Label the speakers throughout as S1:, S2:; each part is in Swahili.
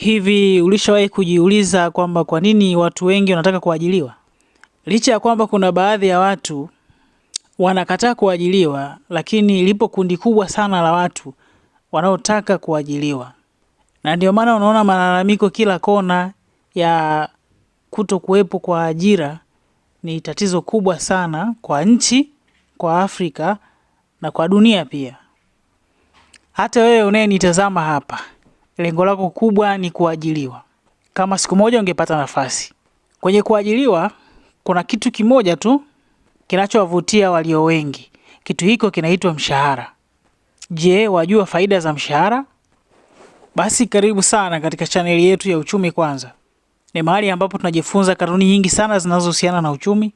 S1: Hivi ulishawahi kujiuliza kwamba kwa nini watu wengi wanataka kuajiliwa? Licha ya kwamba kuna baadhi ya watu wanakataa kuajiliwa, lakini lipo kundi kubwa sana la watu wanaotaka kuajiliwa, na ndio maana unaona malalamiko kila kona ya kuto kuwepo kwa ajira ni tatizo kubwa sana kwa nchi, kwa Afrika na kwa dunia pia. Hata wewe unayenitazama hapa lengo lako kubwa ni kuajiliwa Kama siku moja ungepata nafasi kwenye kuajiliwa kuna kitu kimoja tu kinachowavutia walio wengi. Kitu hiko kinaitwa mshahara. Je, wajua faida za mshahara? Basi karibu sana katika chaneli yetu ya Uchumi Kwanza. Ni mahali ambapo tunajifunza kanuni nyingi sana zinazohusiana na uchumi,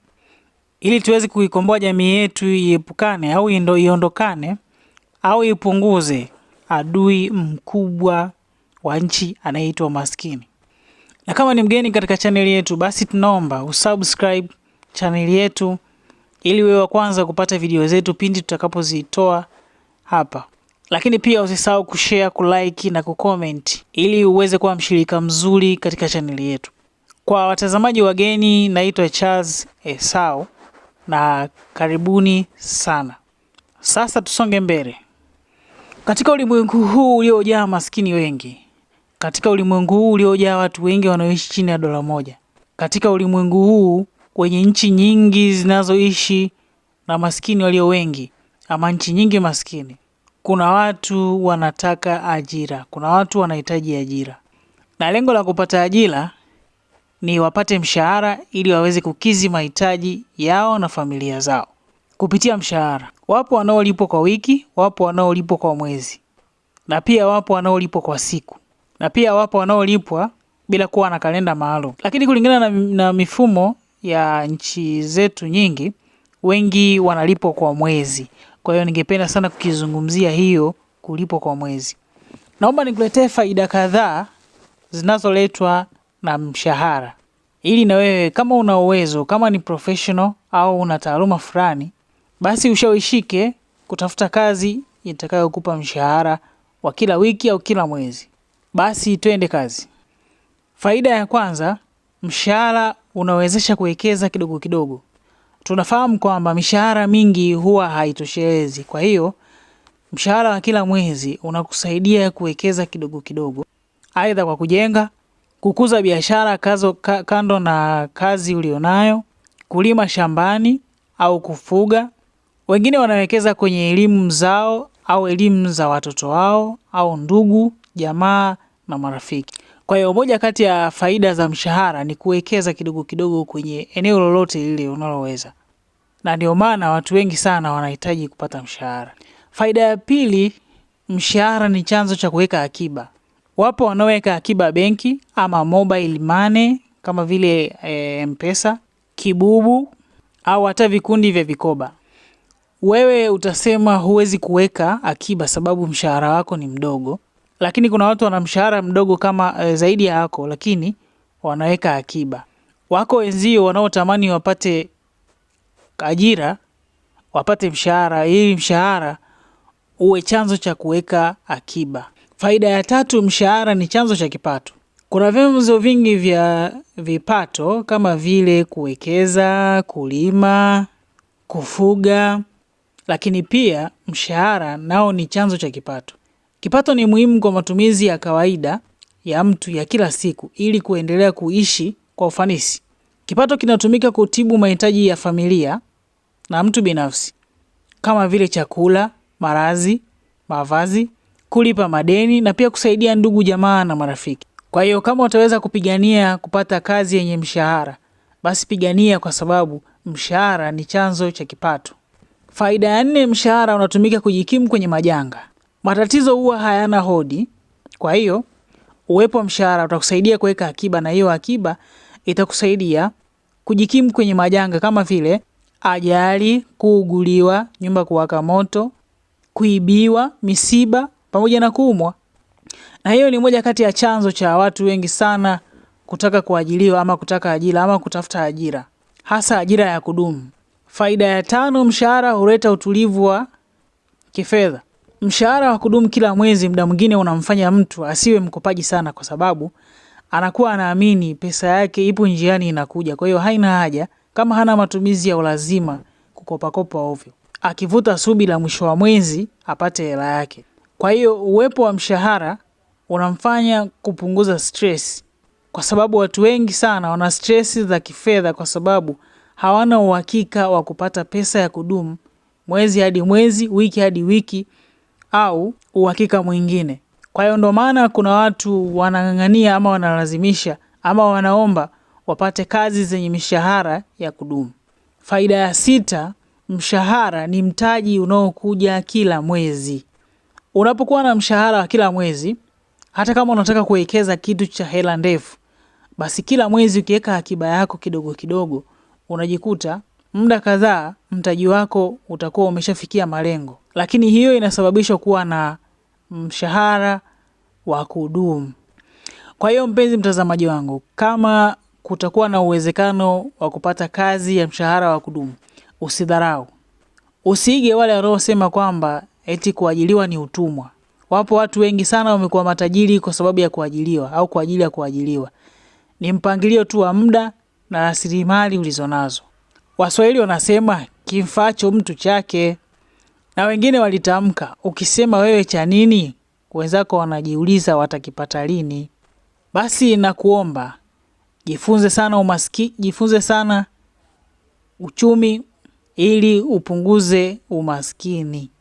S1: ili tuweze kuikomboa jamii yetu iepukane au iondokane au ipunguze adui mkubwa wa nchi anayeitwa maskini. Na kama ni mgeni katika chaneli yetu, basi tunaomba usubscribe chaneli yetu ili wewe wa kwanza kupata video zetu pindi tutakapozitoa hapa. Lakini pia usisahau kushare, kulike na kucomment ili uweze kuwa mshirika mzuri katika chaneli yetu. Kwa watazamaji wageni, naitwa Charles Esau na karibuni sana. Sasa tusonge mbele katika ulimwengu huu uliojaa maskini wengi. Katika ulimwengu huu uliojaa watu wengi wanaoishi chini ya dola moja, katika ulimwengu huu wenye nchi nyingi zinazoishi na maskini walio wengi, ama nchi nyingi maskini, kuna watu wanataka ajira, kuna watu wanahitaji ajira, na lengo la kupata ajira ni wapate mshahara ili waweze kukizi mahitaji yao na familia zao kupitia mshahara. Wapo wanaolipwa kwa wiki, wapo wanaolipwa kwa mwezi, na pia wapo wanaolipwa kwa siku na pia wapo wanaolipwa bila kuwa na kalenda maalum. Lakini kulingana na, na mifumo ya nchi zetu nyingi, wengi wanalipwa kwa mwezi. Kwa hiyo ningependa sana kukizungumzia hiyo kulipwa kwa mwezi. Naomba nikuletee faida kadhaa zinazoletwa na mshahara, ili na wewe kama una uwezo, kama ni professional au una taaluma fulani, basi ushawishike kutafuta kazi itakayokupa mshahara wa kila wiki au kila mwezi. Basi twende kazi. Faida ya kwanza, mshahara unawezesha kuwekeza kidogo kidogo. Tunafahamu kwamba mishahara mingi huwa haitoshelezi, kwa hiyo mshahara wa kila mwezi unakusaidia kuwekeza kidogo kidogo, aidha kwa kujenga, kukuza biashara ka, kando na kazi ulionayo, kulima shambani au kufuga. Wengine wanawekeza kwenye elimu zao au elimu za watoto wao au ndugu jamaa na marafiki. Kwa hiyo moja kati ya faida za mshahara ni kuwekeza kidogo kidogo kwenye eneo lolote lile unaloweza, na ndio maana watu wengi sana wanahitaji kupata mshahara. Faida ya pili, mshahara ni chanzo cha kuweka akiba. Wapo wanaoweka akiba benki ama mobile money kama vile e, Mpesa, Kibubu au hata vikundi vya vikoba. Wewe utasema huwezi kuweka akiba sababu mshahara wako ni mdogo, lakini kuna watu wana mshahara mdogo kama e, zaidi ya yako, lakini wanaweka akiba. Wako wenzio wanaotamani wapate ajira, wapate mshahara, ili mshahara uwe chanzo cha kuweka akiba. Faida ya tatu, mshahara ni chanzo cha kipato. Kuna vyanzo vingi vya vipato kama vile kuwekeza, kulima, kufuga, lakini pia mshahara nao ni chanzo cha kipato. Kipato ni muhimu kwa matumizi ya kawaida ya mtu ya kila siku ili kuendelea kuishi kwa ufanisi. Kipato kinatumika kutibu mahitaji ya familia na mtu binafsi kama vile chakula, marazi mavazi, kulipa madeni na pia kusaidia ndugu jamaa na marafiki. Kwa hiyo kama utaweza kupigania kupata kazi yenye mshahara, basi pigania kwa sababu mshahara ni chanzo cha kipato. Faida ya nne, mshahara unatumika kujikimu kwenye majanga matatizo huwa hayana hodi. Kwa hiyo uwepo wa mshahara utakusaidia kuweka akiba, na hiyo akiba itakusaidia kujikimu kwenye majanga kama vile ajali, kuuguliwa, nyumba kuwaka moto, kuibiwa, misiba pamoja na kuumwa. Na hiyo ni moja kati ya chanzo cha watu wengi sana kutaka kuajiliwa ama kutaka ajira ama kutafuta ajira, hasa ajira ya kudumu. Faida ya tano, mshahara huleta utulivu wa kifedha. Mshahara wa kudumu kila mwezi muda mwingine unamfanya mtu asiwe mkopaji sana, kwa sababu anakuwa anaamini pesa yake ipo njiani inakuja. Kwa hiyo haina haja kama hana matumizi ya ulazima kukopakopa ovyo, akivuta subi la mwisho wa mwezi apate hela yake. Kwa hiyo uwepo wa mshahara unamfanya kupunguza stress, kwa sababu watu wengi sana wana stress za kifedha, kwa sababu hawana uhakika wa kupata pesa ya kudumu mwezi hadi mwezi, wiki hadi wiki au uhakika mwingine. Kwa hiyo ndo maana kuna watu wanang'ang'ania ama wanalazimisha ama wanaomba wapate kazi zenye mishahara ya kudumu. Faida ya sita, mshahara ni mtaji unaokuja kila mwezi. Unapokuwa na mshahara wa kila mwezi, hata kama unataka kuwekeza kitu cha hela ndefu, basi kila mwezi ukiweka akiba yako kidogo kidogo, unajikuta muda kadhaa mtaji wako utakuwa umeshafikia malengo lakini hiyo inasababisha kuwa na mshahara wa kudumu. Kwa hiyo mpenzi mtazamaji wangu, kama kutakuwa na uwezekano wa kupata kazi ya mshahara wa kudumu, usidharau, usiige wale wanaosema kwamba eti kuajiliwa ni utumwa. Wapo watu wengi sana wamekuwa matajiri kwa sababu ya kuajiliwa au kwa ajili ya kuajiliwa. Ni mpangilio tu wa muda na rasilimali ulizonazo. Waswahili wanasema kimfaacho mtu chake. Na wengine walitamka, ukisema wewe cha nini? Wenzako wanajiuliza watakipata lini? Basi nakuomba jifunze sana umaski, jifunze sana uchumi ili upunguze umaskini.